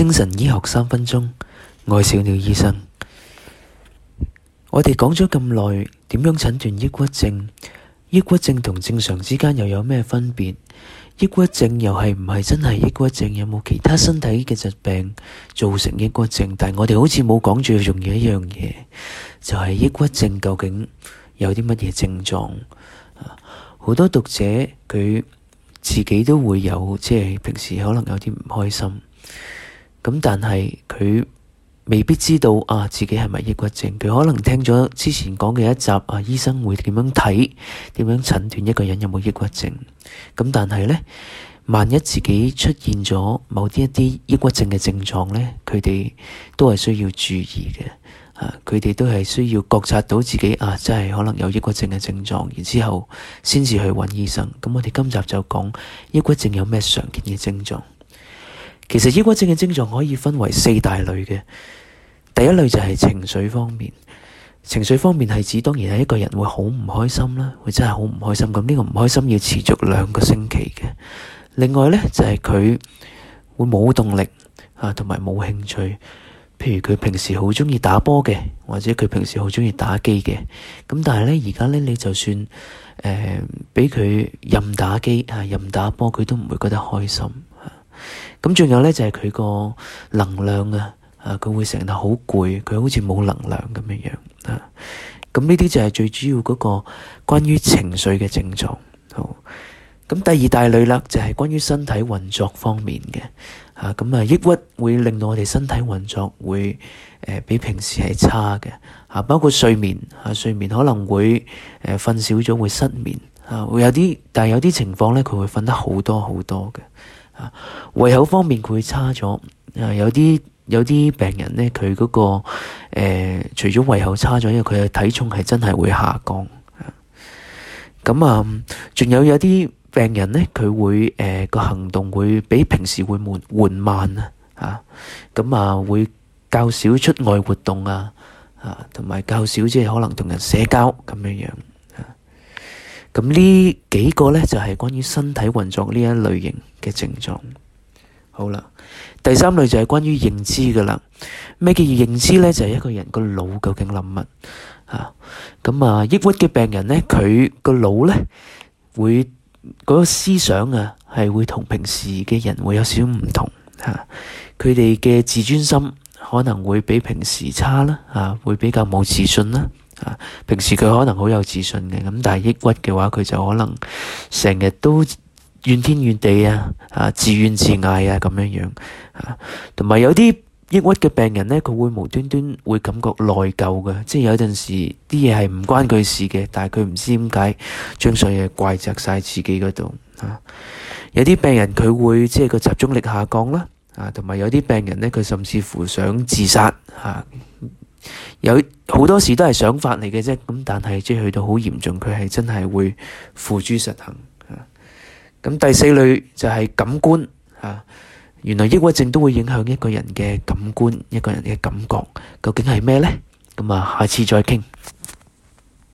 精神醫學三分鐘，愛小鳥醫生。我哋講咗咁耐，點樣診斷抑鬱症？抑鬱症同正常之間又有咩分別？抑鬱症又係唔係真係抑鬱症？有冇其他身體嘅疾病造成抑鬱症？但係我哋好似冇講住最重要一樣嘢，就係、是、抑鬱症究竟有啲乜嘢症狀？好多讀者佢自己都會有，即係平時可能有啲唔開心。咁但係佢未必知道啊，自己係咪抑鬱症？佢可能聽咗之前講嘅一集啊，醫生會點樣睇，點樣診斷一個人有冇抑鬱症？咁但係咧，萬一自己出現咗某啲一啲抑鬱症嘅症狀咧，佢哋都係需要注意嘅啊！佢哋都係需要覺察到自己啊，真係可能有抑鬱症嘅症狀，然之後先至去揾醫生。咁我哋今集就講抑鬱症有咩常見嘅症狀。其實抑鬱症嘅症狀可以分為四大類嘅。第一類就係情緒方面，情緒方面係指，當然係一個人會好唔開心啦，會真係好唔開心。咁呢個唔開心要持續兩個星期嘅。另外咧就係、是、佢會冇動力啊，同埋冇興趣。譬如佢平時好鍾意打波嘅，或者佢平時好鍾意打機嘅。咁但係咧，而家咧，你就算誒俾佢任打機啊，任打波，佢都唔會覺得開心。咁仲有咧，就係佢個能量啊，啊，佢會成日好攰，佢好似冇能量咁樣樣啊。咁呢啲就係最主要嗰個關於情緒嘅症狀。好，咁第二大類啦，就係、是、關於身體運作方面嘅啊。咁啊，抑鬱會令到我哋身體運作會誒、呃、比平時係差嘅啊。包括睡眠啊，睡眠可能會誒瞓少咗會失眠啊，會有啲，但係有啲情況咧，佢會瞓得好多好多嘅。胃口方面佢會差咗，有啲有啲病人呢，佢嗰個、那個誒、呃、除咗胃口差咗，因為佢嘅體重係真係會下降，咁啊，仲有有啲病人呢，佢會誒個行動會比平時會緩慢緩慢啊，咁啊會較少出外活動啊，啊同埋較少即係可能同人社交咁樣樣。咁呢幾個咧就係關於身體運作呢一類型嘅症狀。好啦，第三類就係關於認知噶啦。咩叫認知咧？就係一個人個腦究竟諗乜吓咁啊？抑鬱嘅病人咧，佢個腦咧會嗰個思想啊係會同平時嘅人會有少少唔同吓，佢哋嘅自尊心。可能會比平時差啦，嚇會比較冇自信啦，嚇平時佢可能好有自信嘅。咁但係抑鬱嘅話，佢就可能成日都怨天怨地啊，嚇自怨自艾啊咁樣樣，嚇同埋有啲抑鬱嘅病人咧，佢會無端端會感覺內疚嘅，即係有陣時啲嘢係唔關佢事嘅，但係佢唔知點解將所有嘢怪責晒自己嗰度，嚇有啲病人佢會即係個集中力下降啦。啊，同埋有啲病人咧，佢甚至乎想自殺，吓有好多時都係想法嚟嘅啫，咁但係即係去到好嚴重，佢係真係會付諸實行，吓咁第四類就係感官，吓原來抑鬱症都會影響一個人嘅感官，一個人嘅感覺，究竟係咩咧？咁啊，下次再傾。